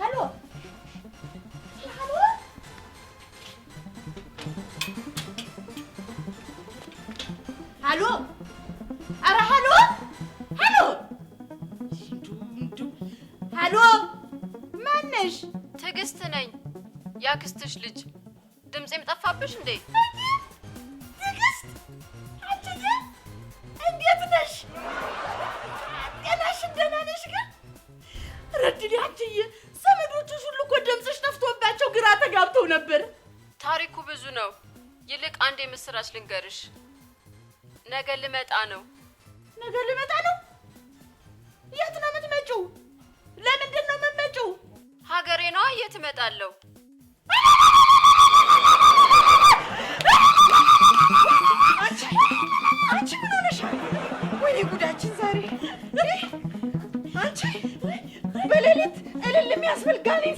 Hallo? Ja, hallo? ሀሎ ኧረ ሀሎ ሀሎ ሀሎ ማነሽ? ትዕግስት ነኝ ያክስትሽ ልጅ። ድምፄም ጠፋብሽ እንዴ? ነገ ልመጣ ነው። ነገ ልመጣ ነው? የት ነው የምትመጪው? ለምንድን ነው የምትመጪው? ሀገሬ ነዋ። የት እመጣለሁ? አንቺ ምን ሆነሻል? ወይኔ ጉዳችን ዛሬ አንቺ በሌሊት እልል የሚያስብል ጋኔን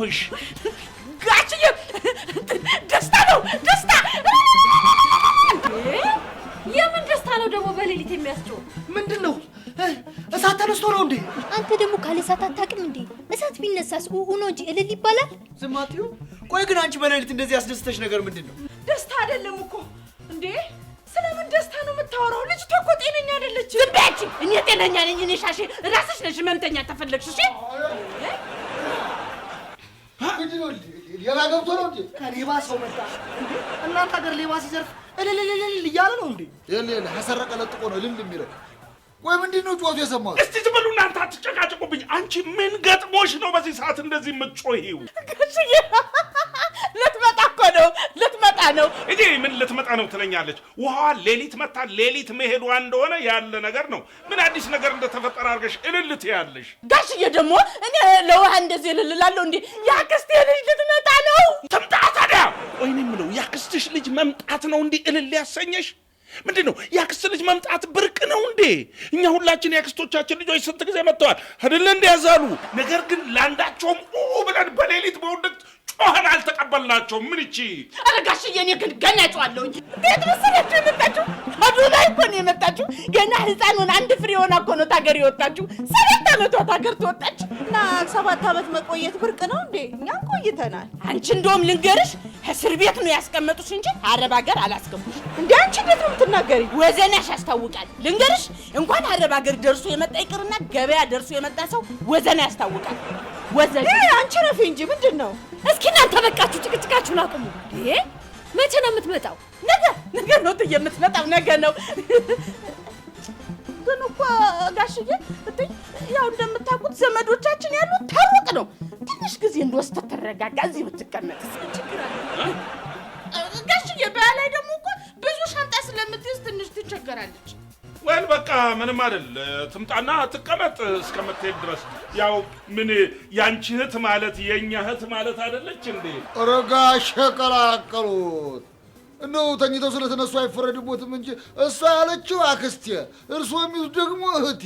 ሙህሽ ጋችዬ ደስታ ነው ደስታ። የምን ደስታ ነው ደግሞ በሌሊት የሚያስጨው? ምንድን ነው እሳት ተነስቶ ነው እንዴ? አንተ ደግሞ ካለ እሳት አታውቅም እንዴ? እሳት ቢነሳስ ሆኖ እንጂ እልል ይባላል። ዝማትዩ ቆይ ግን አንቺ በሌሊት እንደዚህ ያስደስተሽ ነገር ምንድን ነው? ደስታ አይደለም እኮ እንዴ ስለምን ደስታ ነው የምታወራው? ልጅቷ እኮ ጤነኛ አይደለችም። ዝም በይ አንቺ። እኔ ጤነኛ ነኝ። እኔ ሻሼ ራስሽ ነሽ ህመምተኛ ተፈለግሽ። እሺ ሌባ ገብቶ ነው እንዴ? ከሌባ ሰው መጣ። እናንተ ሀገር ሌባ ሲዘርፍ እልል እያለ ነው እንዴ? ሀሰረቀ ለጥቆ ነው ልል የሚለው ወይ ምንድን ነው ጩኸቱ የሰማሁት? እስቲ ዝም በሉ እናንተ አትጨቃጭቁብኝ። አንቺ ምን ገጥሞሽ ነው በዚህ ሰዓት እንደዚህ የምትጮሂው? ጋሽዬ ልትመጣ እኮ ነው ልትመጣ ነው እንጂ ምን ልትመጣ ነው ትለኛለች። ውሃዋ ሌሊት መታ ሌሊት መሄዷ እንደሆነ ያለ ነገር ነው። ምን አዲስ ነገር እንደተፈጠረ አድርገሽ እልልት ያለሽ። ጋሽዬ ደግሞ እኔ ለውሃ እንደዚህ እልል እላለሁ። ያክስቴ ልጅ ልትመጣ ነው። ትምጣ ታዲያ። ቆይ እኔ የምለው ያክስትሽ ልጅ መምጣት ነው እንዲህ እልል ያሰኘሽ? ምንድ ነው የአክስት ልጅ መምጣት ብርቅ ነው እንዴ? እኛ ሁላችን የአክስቶቻችን ልጆች ስንት ጊዜ መጥተዋል አይደለ? እንዲያዛሉ ነገር ግን ለአንዳቸውም ብለን በሌሊት በውድቅት ጮኸን አልተቀበልናቸውም። ምን ይቺ ኧረ ጋሽዬ፣ ግን ገና ጮዋለሁ እንጂ ቤት መሰላችሁ የመጣችሁ አዱ እኮ ነው የመጣችሁ። ገና ህፃኑን አንድ ፍሬ የሆና እኮ ነው ታገር የወጣችሁ። ሰባት ዓመቷት ሀገር ትወጣች እና ሰባት ዓመት መቆየት ብርቅ ነው እንዴ? እኛም ቆይተናል። አንቺ እንደውም ልንገርሽ እስር ቤት ነው ያስቀመጡሽ እንጂ አረብ ሀገር አላስገቡሽ። እንደ አንቺ እንዴት ነው የምትናገሪ? ወዘናሽ ያስታውቃል። ልንገርሽ እንኳን አረብ ሀገር ደርሶ የመጣ ይቅርና ገበያ ደርሶ የመጣ ሰው ወዘና ያስታውቃል። ወዘና አንቺ ረፊ እንጂ ምንድን ነው እስኪ እናንተ በቃችሁ፣ ጭቅጭቃችሁን አቁሙ። ይሄ መቼ ነው የምትመጣው? ነገ ነገ ነው እትዬ የምትመጣው፣ ነገ ነው። ግን እኮ ጋሽዬ እትዬ፣ ያው እንደምታውቁት ዘመዶቻችን ያሉት ታወቅ ነው። ትንሽ ጊዜ እንደወስድ ትረጋጋ፣ እዚህ ብትቀመጥ ጋሽዬ። በላይ ደግሞ እኮ ብዙ ሻንጣ ስለምትይዝ ትንሽ ትቸገራለች። ወል በቃ ምንም አይደል። ትምጣና ትቀመጥ እስከምትሄድ ድረስ ያው ምን ያንቺ እህት ማለት የእኛ እህት ማለት አይደለች እንዴ? ረጋ ሸቀላቀሉት። እንደው ተኝተው ስለተነሱ አይፈረድቦትም እንጂ እሷ ያለችው አክስቴ፣ እርሶ የሚሉት ደግሞ እህቴ።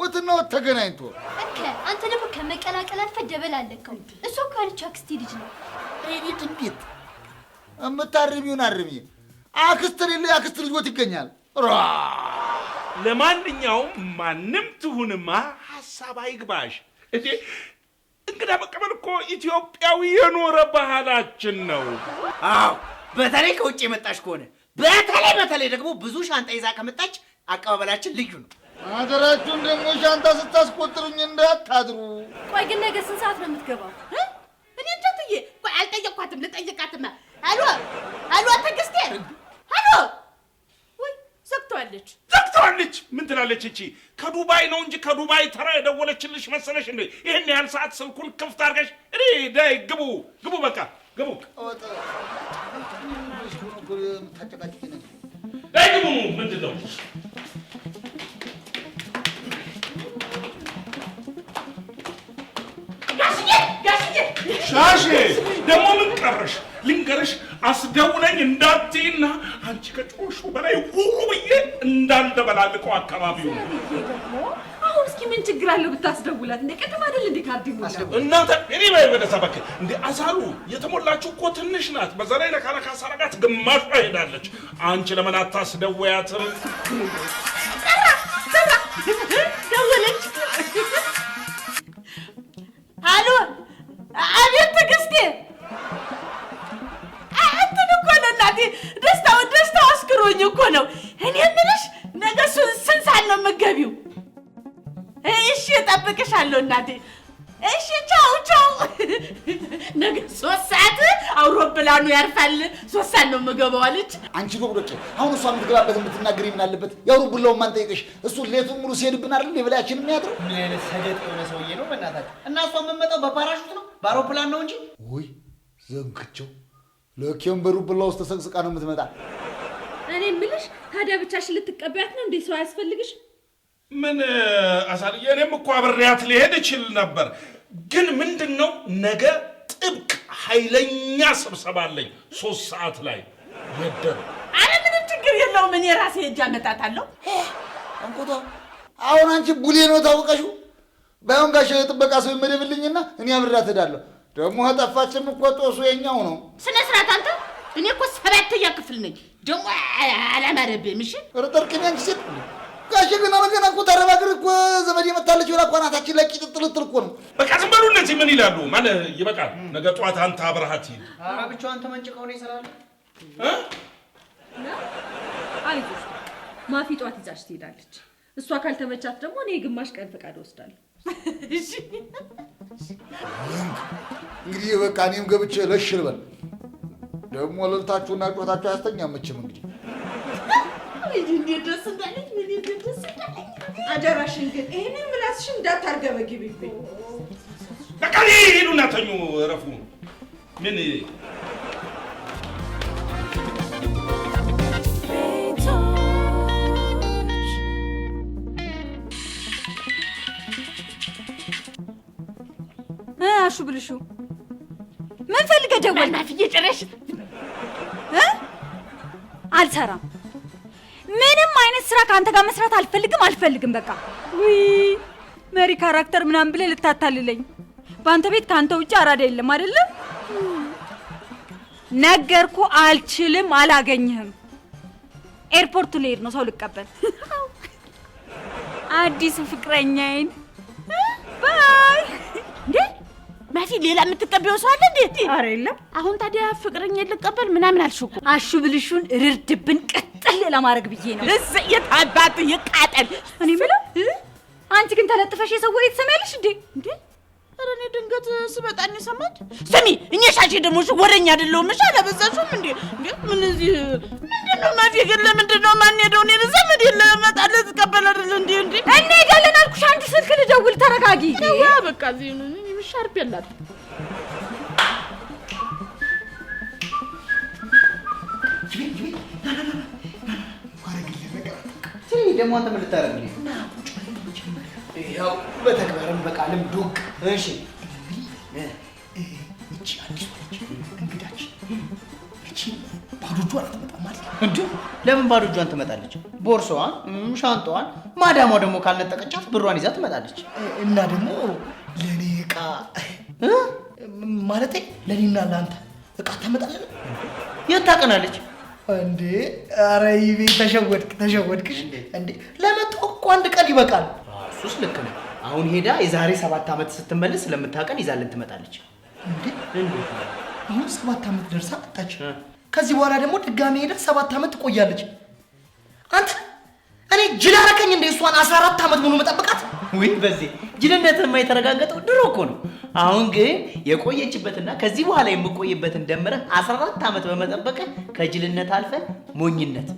ወትና ወት ተገናኝቶ እከ አንተ ደግሞ ከመቀላቀል አልፈ ደበል አለከው። እሷ እኮ ያለችው አክስቴ ልጅ ነው። እንዴት እንዴት የምታርሚውን አርሚ። አክስት ሌለ አክስት ልጅ ወት ይገኛል። ራ ለማንኛውም ማንም ትሁንማ ሀሳብ አይግባሽ። እዴ እንግዳ መቀበል እኮ ኢትዮጵያዊ የኖረ ባህላችን ነው። አዎ በተለይ ከውጭ የመጣሽ ከሆነ በተለይ በተለይ ደግሞ ብዙ ሻንጣ ይዛ ከመጣች አቀባበላችን ልዩ ነው። አደራችሁን ደግሞ ሻንጣ ስታስቆጥሩኝ እንዳታድሩ። ቆይ ግን ነገ ስንት ሰዓት ነው የምትገባው? እኔ እንጃትዬ። ቆይ አልጠየቅኳትም፣ ልጠይቃትማ። አሎ አሎ፣ ትዕግስቴ አሎ። ወይ ዘግተዋለች ትላለች። ምን ትላለች? እቺ ከዱባይ ነው እንጂ ከዱባይ ተራ የደወለችልሽ መሰለሽ እንዴ? ይህን ያህል ሰዓት ስልኩን ክፍት አድርገሽ እኔ ዳይ ግቡ፣ ግቡ፣ በቃ ግቡ፣ ዳይ ግቡ። ምንድን ነው ሻሼ ደግሞ ምን ቀረሽ? ልንገርሽ አስደውለኝ እንዳትይና አንቺ ከጮሹ በላይ ውሩ ብዬ እንዳልደበላልቀው አካባቢው ነው። አሁን እስኪ ምን ችግር አለው ብታስደውላት? እንደ ቅድም አይደል እንዴ ካርድ እናንተ እኔ ላይ ወደዛ በክ እንዴ የተሞላችሁ እኮ ትንሽ ናት። በዛ ላይ ለካለካ ሳረጋት ግማሽ ሄዳለች። አንቺ ለምን አታስደውያትም? ደወለች እልሻለሁ እናቴ። እሺ ቻው ቻው። ነገ ሶስት ሰዓት አውሮፕላኑ ያርፋል። ሶስት ሰዓት ነው የምገባው አለች። አንቺ ዶቅዶቄ፣ አሁን እሷ የምትገባበት የምትናገር ምን አለበት? የአውሩ ቡላውን ማን ጠይቀሽ? እሱ ሌቱን ሙሉ ሲሄድብን አይደል የበላያችን የሚያድረው። ምን አይነት ሰገጥ የሆነ ሰውዬ ነው በእናታችሁ። እና እሷ የምትመጣው በፓራሹት ነው በአውሮፕላን ነው እንጂ ወይ ዘንክቸው ለኬም በሩብላ ውስጥ ተሰቅስቃ ነው የምትመጣ። እኔ የምልሽ ታዲያ ብቻሽን ልትቀበያት ነው እንዴ? ሰው አያስፈልግሽ ምን አሳልዬ፣ እኔም እኮ አብሬያት ሊሄድ ይችል ነበር፣ ግን ምንድን ነው ነገ ጥብቅ ኃይለኛ ስብሰባ አለኝ ሶስት ሰዓት ላይ መደር። አረ ምንም ችግር የለውም፣ እኔ ራሴ እጅ አመጣታለሁ። አንቆታ አሁን አንቺ ቡሌ ነው ታወቀሽው። ባይሆን ጋሻው የጥበቃ ሰው ይመደብልኝና እኔ አብሬያት እሄዳለሁ። ደግሞ ጠፋችም እኮ ጦሱ የኛው ነው። ስነ ስርዓት አንተ። እኔ እኮ ሰባተኛ ክፍል ነኝ ደግሞ አላማረብም። እሺ ርጠርቅኛን ጊዜ ጋሽ ግና በገና እኮ ተረባግር እኮ ዘመድ የመታለች ብላ እኮ አናታችን ላይ ቂጥ እኮ ነው። በቃ ዝም በሉ። እነዚህ ምን ይላሉ? ማለት ይበቃል። ነገ ጠዋት አንተ አብረሃት ሂድ። ኧረ ብቻዋን ተመንጭቀው ነው ይሰራል። አሪፍ ማፊ ጠዋት ይዛሽ ትሄዳለች። እሷ ካልተመቻት ደግሞ እኔ ግማሽ ቀን ፈቃድ ወስዳለሁ። እንግዲህ በቃ እኔም ገብቼ ለሽ ልበል። ደግሞ ልልታችሁና ጮታችሁ አያስተኛም መቼም እንግዲህ እንዴት ደስ እንዳለኝ አደራሽን ግን ይሄንን ምላስሽን እንዳታርገበግብብኝ። በቃ ሄዱና ተኙ፣ እረፉ። ምን አሹ ብልሹ ምን ፈልገህ ደወልክ? ጭራሽ አልሰራም አይነት ስራ ከአንተ ጋር መስራት አልፈልግም አልፈልግም። በቃ ውይ መሪ ካራክተር ምናምን ብለህ ልታታልለኝ። በአንተ ቤት ከአንተ ውጭ አራዳ የለም አይደለም? ነገርኩ። አልችልም፣ አላገኝህም። ኤርፖርቱ ልሄድ ነው ሰው ልቀበል። አዲሱ ፍቅረኛዬን ባይ እንዴ መሲ፣ ሌላ የምትቀበው ሰው አለ እንዴ? አረ የለም። አሁን ታዲያ ፍቅረኛ ልቀበል ምናምን አልሽኩ። አሹ ብልሹን ርርድብን ቀጥ ጥል ለማድረግ ብዬ ነው። እዚህ የታባት ይቃጠል። እኔ የምለው አንቺ ግን ተለጥፈሽ የሰው ወሬ ትሰሚያለሽ እንዴ? እንዴ ኧረ እኔ ድንገት ስመጣ ነው የሰማች። ስሚ እኛ ሻሽ ደግሞ ወረኛ አይደለሁም። እሺ አለበዛሽም እንዴ? እንዴ ምን እዚህ ምንድን ነው ማፊገር? ለምንድን ነው ማን ሄደው? እኔ ዘመድ የለ እመጣለሁ ትቀበል አይደል እንዴ? እንዴ እኔ እንሄዳለን አልኩሽ። አንድ ስልክ ልደውል። ተረጋጊ። ዋ በቃ እዚህ ሻርፕ የላትም ይሄ ደግሞ አንተ ምን ልታረግ ያው በተግባርም በቃልም ዱቅ። እሺ እቺ አዲስ እንግዳችን እቺ ባዶ እጇን አትመጣም ማለት እንዲሁ። ለምን ባዶ እጇን ትመጣለች? ቦርሳዋን፣ ሻንጣዋን ማዳሟ ደግሞ ካልነጠቀቻት ብሯን ይዛ ትመጣለች። እና ደግሞ ለኔ እቃ ማለቴ ለኔና ለአንተ እቃ ታመጣለች። የት ታቀናለች? እንዴ ኧረ ይቤ ተሸወድክ ተሸወድክሽ እንዴ ለመጣሁ እኮ አንድ ቀን ይበቃል እሱስ ልክ ነው አሁን ሄዳ የዛሬ ሰባት ዓመት ስትመለስ ስለምታቀን ይዛልን ትመጣለች አሁን ሰባት ዓመት ደርሳ መጣች ከዚህ በኋላ ደግሞ ድጋሜ ሄዳ ሰባት ዓመት ትቆያለች አንተ እኔ ጅል አደረከኝ እንደ እሷን አስራ አራት ዓመት ሙሉ መጠብቃት ወይ በዚህ ጅልነት የተረጋገጠው ድሮ እኮ ነው። አሁን ግን የቆየችበትና ከዚህ በኋላ የምቆይበትን ደምረ 14 ዓመት በመጠበቅ ከጅልነት አልፈ ሞኝነት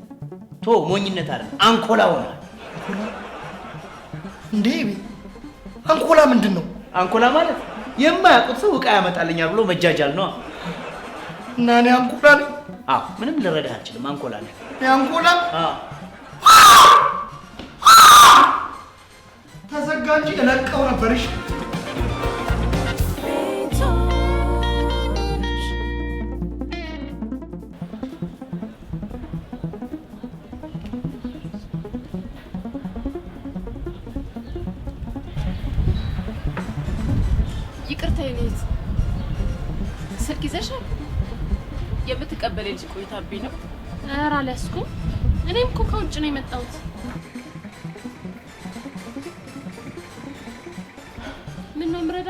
ቶ ሞኝነት አለ አንኮላ ሆኗል። እንዴ አንኮላ ምንድን ነው? አንኮላ ማለት የማያውቁት ሰው እቃ ያመጣልኛል ብሎ መጃጃል ነው። እና እኔ አንኮላ ነኝ? አዎ ምንም ልረዳህ አልችልም። አንኮላ ነኝ። አንኮላ አንቺ እለቀው ነበርሽ። ይቅርታ ይኔት ስልክ ይዘሻል? የምትቀበል ልጅ ቆይታብኝ ነው። ኧረ አልያዝኩም። እኔም እኮ ከውጭ ነው የመጣሁት።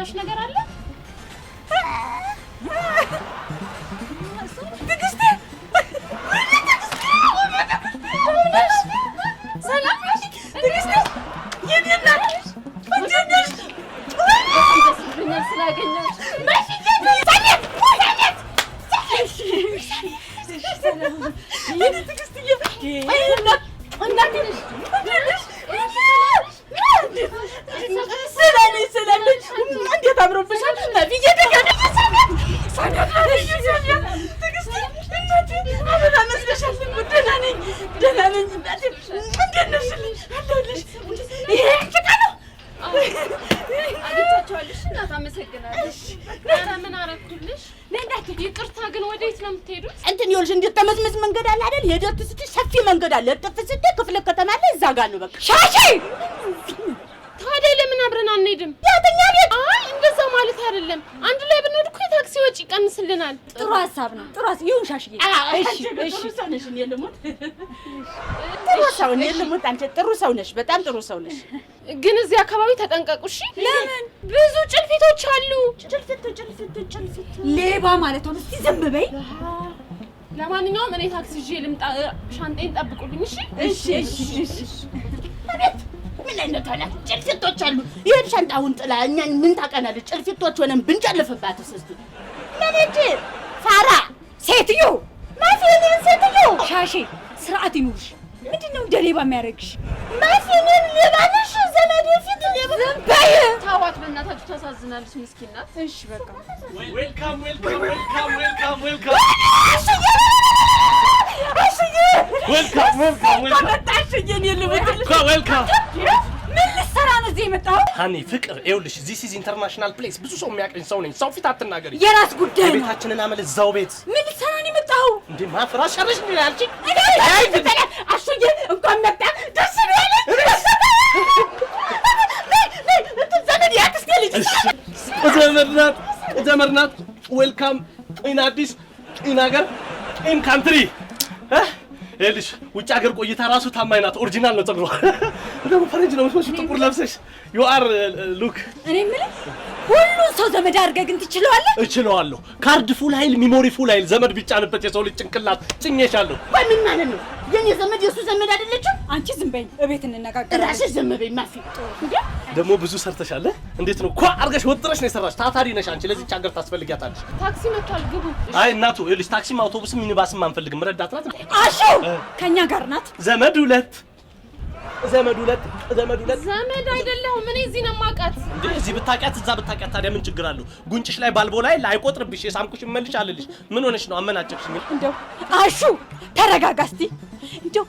የቀረሽ ነገር አለ? አለ። እጥፍ ስደ ክፍለ ከተማ አለ። እዛ ጋር ነው በቃ። ሻሺ ታዲያ ለምን አብረን አንሄድም? ያተኛ ቤት። አይ እንደዛ ማለት አይደለም። አንድ ላይ ብንሄድ እኮ የታክሲ ወጪ ይቀንስልናል። ጥሩ ሀሳብ ነው። ጥሩ ሀሳብ ይሁን ሻሺ። እሺ እሺ። ጥሩ ሰው ነሽ ልሙት። አንቺ ጥሩ ሰው ነሽ። በጣም ጥሩ ሰው ነሽ። ግን እዚህ አካባቢ ተጠንቀቁ። እሺ። ለምን ብዙ ጭልፊቶች አሉ። ጭልፊት ጭልፊት ጭልፊት ሌባ ማለት ነው። እስቲ ዝም በይ ለማንኛውም እኔ ታክሲ ይዤ ልምጣ። ሻንጤን ጠብቁልኝ። እሺ፣ እሺ፣ እሺ፣ እሺ። ምን አይነት ሆነ? ጭልፊቶች አሉ። ይሄን ሻንጣውን ጥላ እኛን ምን ታቀናለች? ጭልፊቶች ሆነን ብንጨልፍባት ስስቱ ለልጅ ፋራ ሴትዮ ማፊ ሴትዮ ሻሼ ስርዓት ይኑርሽ። ምንድን ነው እንደ ሌባ የሚያደርግሽ? ማፊ እኔም ዘመዴ ፊት ሌባ በይ። ታዋት በእናታችሁ ታሳዝናለች፣ ምስኪን ናት። እሺ በቃ ዌልካም፣ ዌልካም፣ ዌልካም፣ ዌልካም፣ ዌልካም፣ ዌልካም። እዚህ ሀኒ ፍቅር፣ ይኸውልሽ ዚስ ኢዝ ኢንተርናሽናል ፕሌስ፣ ብዙ ሰው የሚያቀኝ ሰው ነኝ። ሰው ፊት አትናገሪ፣ የራስ ጉዳይ ነው። ቤታችንን አመል እዛው ቤት ምን ነው እንዴ? ማፍራት ሸረሽ እንዴ ያልቺ? አይ አሹዬ እንኳን መጣ ደስ ይላል። ዘመድናት ዘመድናት ዌልካም ኢን አዲስ ኢን ሀገር ኢን ካንትሪ ይኸውልሽ ውጭ ሀገር ቆይታ ራሱ ታማኝ ናት። ኦሪጂናል ነው ጸጉሯ። ደግሞ ፈረንጅ ነው ሰዎች ጥቁር ለብሰሽ ዩ አር ሉክ። እኔ የምልህ ሁሉን ሰው ዘመድ አድርገህ ግን ትችለዋለህ? እችለዋለሁ። ካርድ ፉል ኃይል፣ ሚሞሪ ፉል ኃይል ዘመድ ቢጫንበት የሰው ልጅ ጭንቅላት ጭኜሻለሁ። በምን ማለት ነው? የኔ ዘመድ የእሱ ዘመድ አይደለችም። አንቺ ዝም በይ፣ እቤት እንነጋገር። ራሽ ዝም በይ። ማፊ ደግሞ ብዙ ሰርተሻለ። እንዴት ነው ኳ አርገሽ ወጥረሽ ነው የሰራሽ። ታታሪ ነሽ አንቺ። ለዚች ሀገር ታስፈልጊያታለሽ። ታክሲ መጥቷል፣ ግቡ። አይ እናቱ፣ ይኸውልሽ ታክሲም አውቶቡስም ሚኒባስም አንፈልግም። ረዳት ናት። አሹ ከእኛ ጋር ናት። ዘመድ ሁለት ዘመድ ሁለት ዘመድ ሁለት ዘመድ አይደለሁም። እኔ እዚህ ነው የማውቃት። እንዴ እዚህ ብታውቂያት እዛ ብታውቂያት ታዲያ ምን ችግር አለው? ጉንጭሽ ላይ ባልቦ ላይ አይቆጥርብሽ። የሳምኩሽ መልሽ አልልሽ። ምን ሆነሽ ነው? አመናጨቅሽ? ምን እንደው አሹ ተረጋጋ እስቲ። እንደው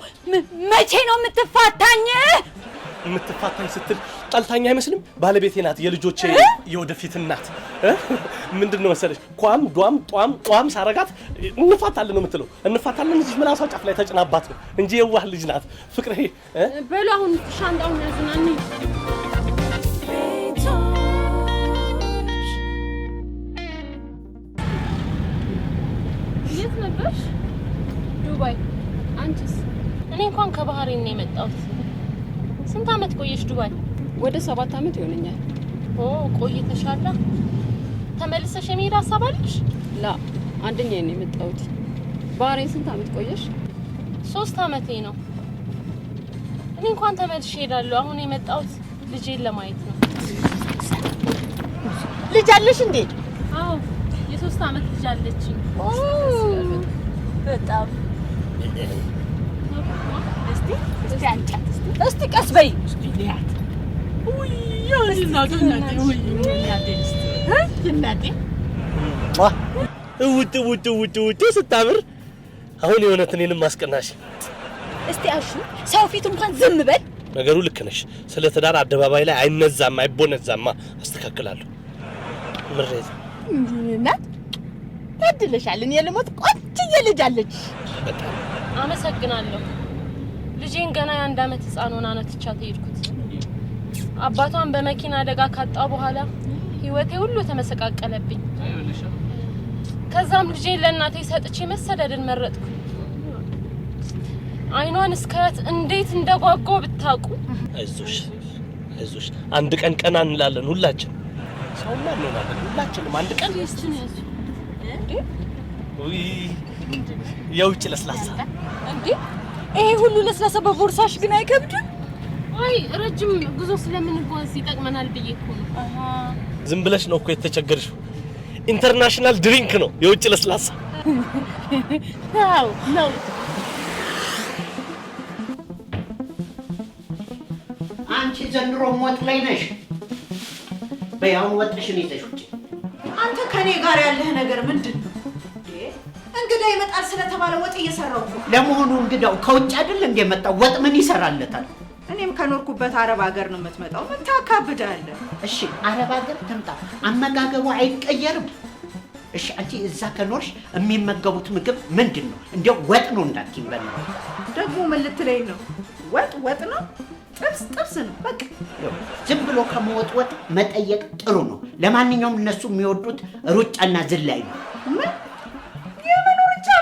መቼ ነው የምትፋታኝ? የምትፋታኝ ስትል ጠልታኝ አይመስልም። ባለቤቴ ናት፣ የልጆቼ የወደፊት እናት። ምንድን ነው መሰለሽ ኳም ዷም ጧም ጧም ሳረጋት እንፋታለን ነው የምትለው። እንፋታለን እዚህ ምላሷ ጫፍ ላይ ተጭናባት ነው እንጂ የዋህ ልጅ ናት ፍቅሬ። በሉ አሁን ሻንጣውን ያዝናኒ። የት ነበርሽ? ዱባይ። አንቺስ? እኔ እንኳን ከባህሬን ነው የመጣሁት ስንት አመት ቆየሽ ዱባይ? ወደ ሰባት አመት ይሆነኛል። ኦ ቆይተሻላ። ተመልሰሽ የመሄድ ሀሳብ አለሽ? ላ አንደኛ ነው የመጣሁት። ባህሬን ስንት አመት ቆየሽ? ሶስት አመቴ ነው። እኔ እንኳን ተመልሼ እሄዳለሁ። አሁን የመጣሁት ልጄን ለማየት ነው። ልጅ አለሽ እንዴ? አዎ የሶስት አመት ልጅ አለች። በጣም እስቲ እስቲ አንጫት እስቲ ቀስ በይ ውጥ ውጥ ውጥ ስታምር አሁን የእውነት እኔንም ማስቀናሽ። እስቲ አሹ ሰው ፊት እንኳን ዝም በል። ነገሩ ልክ ነሽ። ስለ ትዳር አደባባይ ላይ አይነዛማ አይቦነዛማ። አስተካክላለሁ። ምሬት እናት ታድለሻል። ልጅ አለች። በጣም አመሰግናለሁ። ልጄን ገና የአንድ አመት ህፃን ሆና ነው ትቻት የሄድኩት። አባቷን በመኪና አደጋ ካጣ በኋላ ህይወቴ ሁሉ ተመሰቃቀለብኝ። ከዛም ልጄን ለእናቴ ሰጥቼ መሰደድን መረጥኩ። አይኗን እስከያት እንዴት እንደጓጓው ብታውቁ። አይዞሽ አይዞሽ፣ አንድ ቀን ቀና እንላለን ሁላችን። ሰውና እንሆናለን ሁላችንም አንድ ቀን። የውጭ ለስላሳ እንዴ ይሄ ሁሉ ለስላሳ በቦርሳሽ ግን አይከብድም? አይ ረጅም ጉዞ ስለምንጓዝ ይጠቅመናል ብዬ እኮ ነው። ዝም ብለሽ ነው እኮ የተቸገርሽው። ኢንተርናሽናል ድሪንክ ነው የውጭ ለስላሳ። አዎ ነው። አንቺ ዘንድሮ ሞት ላይ ነሽ። በያውን ወጥሽን ይዘሽ ውጭ። አንተ ከኔ ጋር ያለህ ነገር ምንድን ነው? እንግዳ ይመጣል ስለተባለ ወጥ እየሰራው ነው። ለመሆኑ እንግዳው ከውጭ አይደል እንደ መጣው ወጥ ምን ይሰራለታል? እኔም ከኖርኩበት አረብ ሀገር ነው የምትመጣው። ምን ታካብዳለህ? እሺ አረብ ሀገር ትምጣ፣ አመጋገቡ አይቀየርም። እሺ አንቺ እዛ ከኖርሽ የሚመገቡት ምግብ ምንድን ነው? እንዲያው ወጥ ነው እንዳትይኝ። በለው ደግሞ ምን ልትለኝ ነው? ወጥ ወጥ ነው፣ ጥብስ ጥብስ ነው። በቃ ዝም ብሎ ከመወጥወጥ መጠየቅ ጥሩ ነው። ለማንኛውም እነሱ የሚወዱት ሩጫና ዝላይ ነው። ምን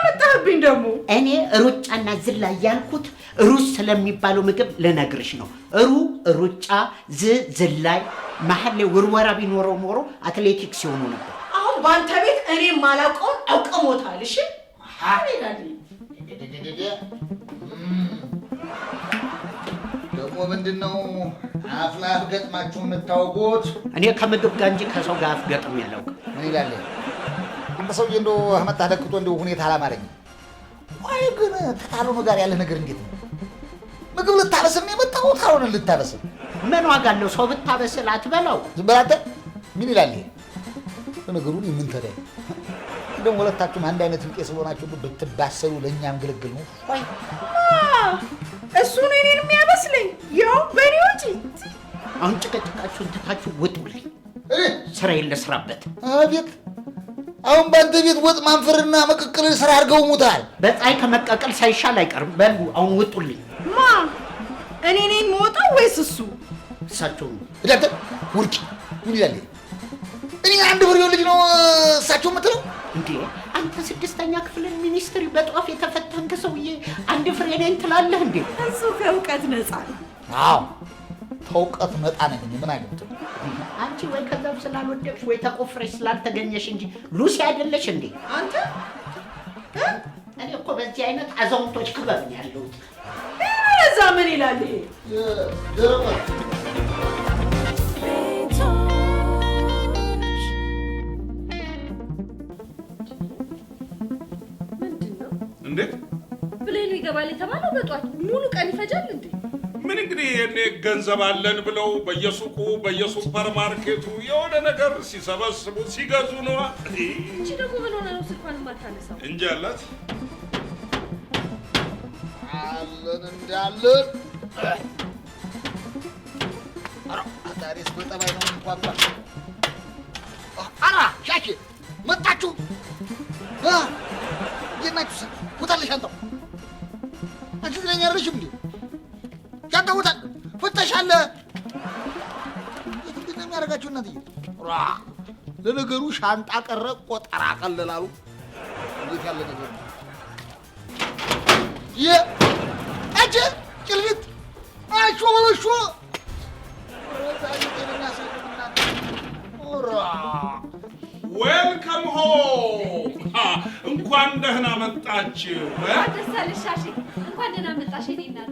መጣህብኝ ደግሞ። እኔ ሩጫና ዝላ ያልኩት ሩዝ ስለሚባለው ምግብ ልነግርሽ ነው። ሩ ሩጫ፣ ዝ ዝላይ፣ መሀል ላይ ውርወራ ቢኖረው ኖሮ አትሌቲክስ ሲሆኑ ነበር። አሁን በአንተ ቤት እኔ ማላውቀውን አውቅሞታል። እሺ ደግሞ ምንድን ነው አፍ ለአፍ ገጥማችሁ የምታውቁት? እኔ ከምግብ ጋር እንጂ ከሰው ጋር አፍ ገጥም ምን ይላል እንደ ሰውዬ እንደው መጣህ ደክቶ እንደው ሁኔታ አላማረኝ። ዋይ ግን ተካሎኑ ጋር ያለ ነገር እንዴት ነው? ምግብ ልታበስል ነው የመጣው? ካልሆነ ልታበስል ምን ዋጋ አለው? ሰው ብታበስል አትበላው። ዝም በል አንተ። ምን ይላል ይሄ? ለነገሩ ምን ተዳይ ደግሞ ሁለታችሁም አንድ አይነት ልቄ ስለሆናችሁ ብትባሰሉ ለእኛም ግልግል ነው። እሱ ነው እኔን የሚያበስለኝ። ያው በኔ ወጪ አሁን ጭቅጭቃችሁ እንትታችሁ ውጡ። ላይ ስራ የለ ስራበት አቤት አሁን በአንተ ቤት ወጥ ማንፈርና መቀቀል ስራ አድርገው ሙታል። በፀሐይ ከመቀቀል ሳይሻል አይቀርም። በሉ አሁን ወጡልኝ። ማ እኔ ነኝ የምወጣው ወይስ እሱ? እሳቸው እዳተ ውርቂ ምን ይላል? እኔ አንድ ፍሬው ልጅ ነው እሳቸው የምትለው እንዴ? አንተ ስድስተኛ ክፍልን ሚኒስትሪ በጧፍ የተፈተንክ ሰውዬ አንድ ፍሬ ነኝ ትላለህ እንዴ? እሱ ከእውቀት ነፃ ነው። አዎ ከእውቀት ነፃ ነኝ። ምን አይነት አንቺ ወይ ከዛም ስላልወደቅሽ ወይ ተቆፍረሽ ስላልተገኘሽ እንጂ ሉሲ አይደለሽ እንዴ አንተ? እኔ እኮ በዚህ አይነት አዛውንቶች ክበብ ያለሁት። እዛ ምን ይላል እንዴት ብሌኑ ይገባል የተባለው በጧት ሙሉ ቀን ይፈጃል እንዴ? ምን እንግዲህ እኔ ገንዘብ አለን ብለው በየሱቁ በየሱፐር ማርኬቱ የሆነ ነገር ሲሰበስቡ ሲገዙ ነዋ። እንጂ ደግሞ ምን ሆነ ነው ስልኳን ማታነሳው? እንጂ አላት አለን እንዳለን በጠባይ ነው አራ ሻኪ መጣችሁ አ የናችሁ ወጣለሽ አንተው አንቺ ትለኛለሽ እንዴ ያጠውታል። አለ። እንዴት ነው የሚያደርጋችሁ? እናትዬ ለነገሩ ሻንጣ ቀረ ቆጠራ ቀለላሉ። እንዴት ያለ ነገር ይህ እጅ ጭልፊት አሾ በለሾ ዌልካም ሆም እንኳን ደህና መጣችሁ። ደሳለሻሽ እንኳን ደህና መጣሽ። ኔናት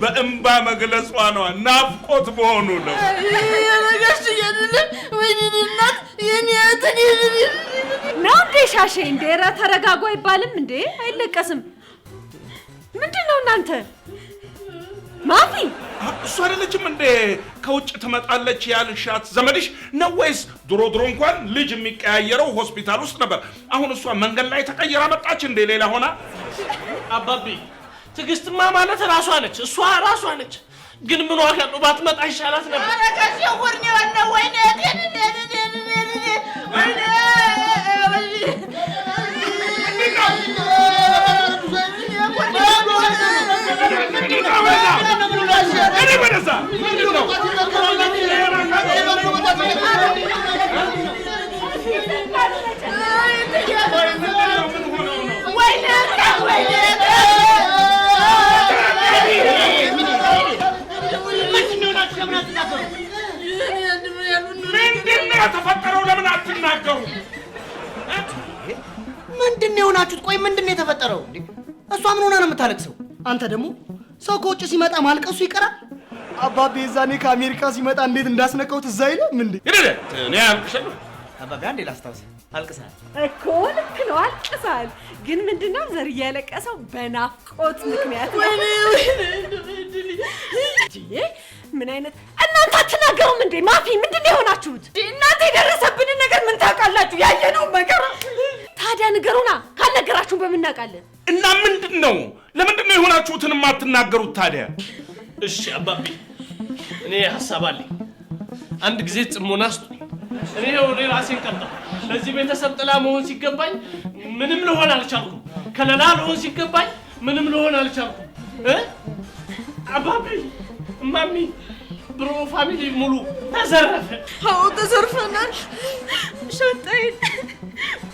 በእንባ መግለጿ ነው ናፍቆት በሆኑ ነው። ነው እንዴ ሻሼ? እንዴ ኧረ ተረጋጉ አይባልም እንዴ? አይለቀስም። ምንድን ነው እናንተ? ማፊ እሱ አይደለችም እንዴ ከውጭ ትመጣለች ያልሻት ዘመድሽ ነው ወይስ? ድሮ ድሮ እንኳን ልጅ የሚቀያየረው ሆስፒታል ውስጥ ነበር። አሁን እሷ መንገድ ላይ ተቀይራ መጣች እንዴ ሌላ ሆና አባቤ ትዕግስትማ ማለት ራሷ ነች፣ እሷ ራሷ ነች። ግን ምን ዋጋ ነው ባትመጣ ይሻላት ነበር። ምንድን ነው የተፈጠረው? ለምን አትናገሩ? ምንድን ነው የሆናችሁት? ቆይ ምንድን ነው የተፈጠረው? እሷ ምን ሆና ነው የምታለቅሰው? አንተ ደግሞ ሰው ከውጭ ሲመጣ ማልቀሱ ይቀራል። አባቤ ዛኔ ከአሜሪካ ሲመጣ እንዴት እንዳስነቀውት እዛ አይልም እንዴ? እኔ አባቤ አንዴ ላስታውስ። አልቅሳል እኮ ልክ ነው፣ አልቅሳል። ግን ምንድን ዘር እያለቀሰው በናፍቆት ምክንያት ነው። ምን አይነት እናንተ አትናገሩም እንዴ? ማፊ ምንድን የሆናችሁት? እናንተ የደረሰብንን ነገር ምን ታውቃላችሁ? ያየነው መከራ። ታዲያ ንገሩና፣ ካልነገራችሁን በምን እናውቃለን? እና ምንድን ነው ለምንድን ነው የሆናችሁትን የማትናገሩት ታዲያ? እሺ አባቢ፣ እኔ ሀሳብ አለኝ። አንድ ጊዜ ጽሞና ስጡ። እኔ ወደ ራሴን ቀጣ። ለዚህ ቤተሰብ ጥላ መሆን ሲገባኝ ምንም ልሆን አልቻልኩም። ከለላ ልሆን ሲገባኝ ምንም ልሆን አልቻልኩም። አባቢ፣ እማሚ ብሮ ፋሚሊ ሙሉ ተዘረፈ። አዎ ተዘርፈናል። ሻንጣዬን፣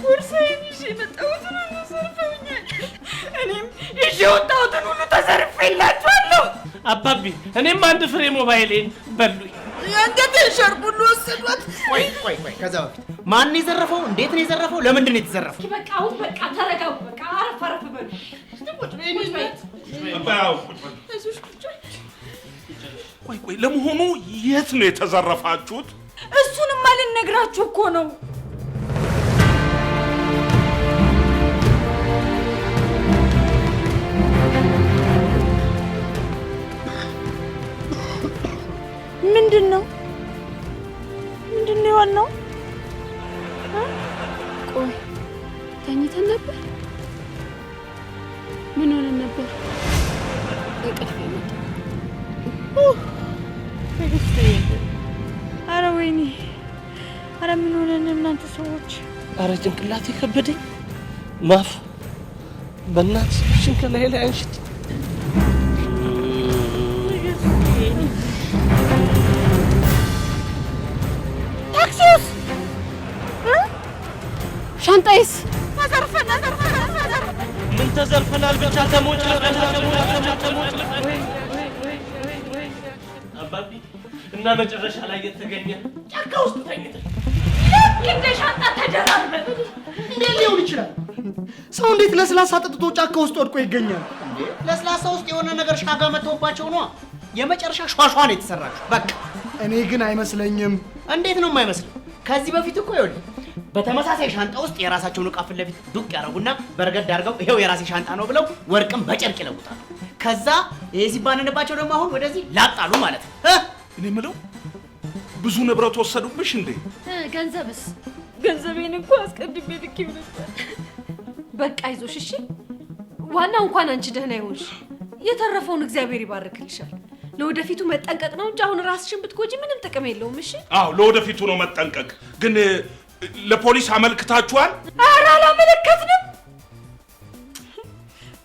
ቦርሳዬን ይዤ የመጣሁትን ዘርፈውኛል። እኔም ይዤ የወጣሁትን ሁሉ ተዘርፌ አባቢ እኔም አንድ ፍሬ ሞባይሌን በሉኝ። የአንገት ሸርቡ ወሰዷት። ቆይ ቆይ ቆይ፣ ከዛ በፊት ማን የዘረፈው? እንዴት ነው የዘረፈው? ለምንድን ነው የተዘረፈው? በቃ አሁን በቃ ተረጋጉ። በቃ አረፍ አረፍ በሉ። ለመሆኑ የት ነው የተዘረፋችሁት? እሱንማ ልነግራችሁ እኮ ነው። ምንድን ነው ጭንቅላት የከበደኝ ማፍ በእናት ሽን ከላይ ላይ አንሽት ታክሲውስ ሻንጣይስ ምን ተዘርፈናል? ብቻ ተሞጭ አባቢ እና መጨረሻ ላይ የተገኘ ጫካ ውስጥ ተኝተን ሊሆን ይችላል? ሰው እንዴት ለስላሳ ጠጥቶ ጫካ ውስጥ ወድቆ ይገኛል? ለስላሳ ውስጥ የሆነ ነገር ሻጋ መጥቶባቸው ነዋ። የመጨረሻ ሿሿ ነው የተሰራችው። በቃ እኔ ግን አይመስለኝም። እንዴት ነው የማይመስልም? ከዚህ በፊት እኮ ይኸውልህ በተመሳሳይ ሻንጣ ውስጥ የራሳቸውን እቃ ፊት ለፊት ዱቅ ያደረጉና በርገድ አድርገው ይሄው የራሴ ሻንጣ ነው ብለው ወርቅም በጨርቅ ይለውጣሉ። ከዛ ይሄ ሲባነንባቸው ደግሞ አሁን ወደዚህ ላጣሉ ማለት ነው። እኔ የምለው ብዙ ንብረት ወሰዱብሽ እንዴ? ገንዘብስ? ገንዘቤን እንኳ አስቀድሜ ልኬው ነበር። በቃ ይዞሽ እሺ። ዋናው እንኳን አንቺ ደህና ይሆንሽ፣ የተረፈውን እግዚአብሔር ይባርክልሻል። ለወደፊቱ መጠንቀቅ ነው እንጂ አሁን ራስሽን ብትጎጂ ምንም ጥቅም የለውም። እሺ? አዎ ለወደፊቱ ነው መጠንቀቅ። ግን ለፖሊስ አመልክታችኋል? ኧረ አላመለከትንም።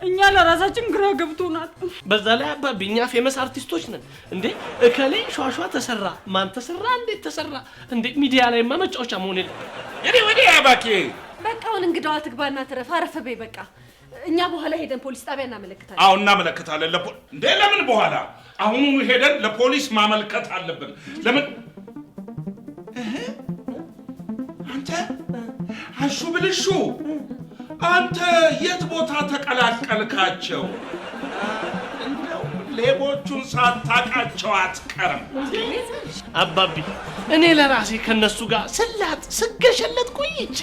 እኛ ለራሳችን ግራ ገብቶናል። በዛ ላይ አባቢ እኛ ፌመስ አርቲስቶች ነን እንዴ! እከሌ ሿሿ ተሰራ፣ ማን ተሰራ፣ እንዴት ተሰራ እንዴ! ሚዲያ ላይ ማ መጫወቻ መሆን የለ እኔ ወዲ አባኪ በቃ አሁን እንግዳዋ ትግባና ትረፍ። አረፍ በይ በቃ። እኛ በኋላ ሄደን ፖሊስ ጣቢያ እናመለክታለን። አዎ እናመለክታለን። ለፖ እንዴ ለምን በኋላ? አሁኑ ሄደን ለፖሊስ ማመልከት አለብን። ለምን አንተ አሹ ብልሹ አንተ የት ቦታ ተቀላቀልካቸው? ሌቦቹን ሳታቃቸው አትቀርም። አባቢ እኔ ለራሴ ከነሱ ጋር ስላጥ ስገሸለት ቆይቼ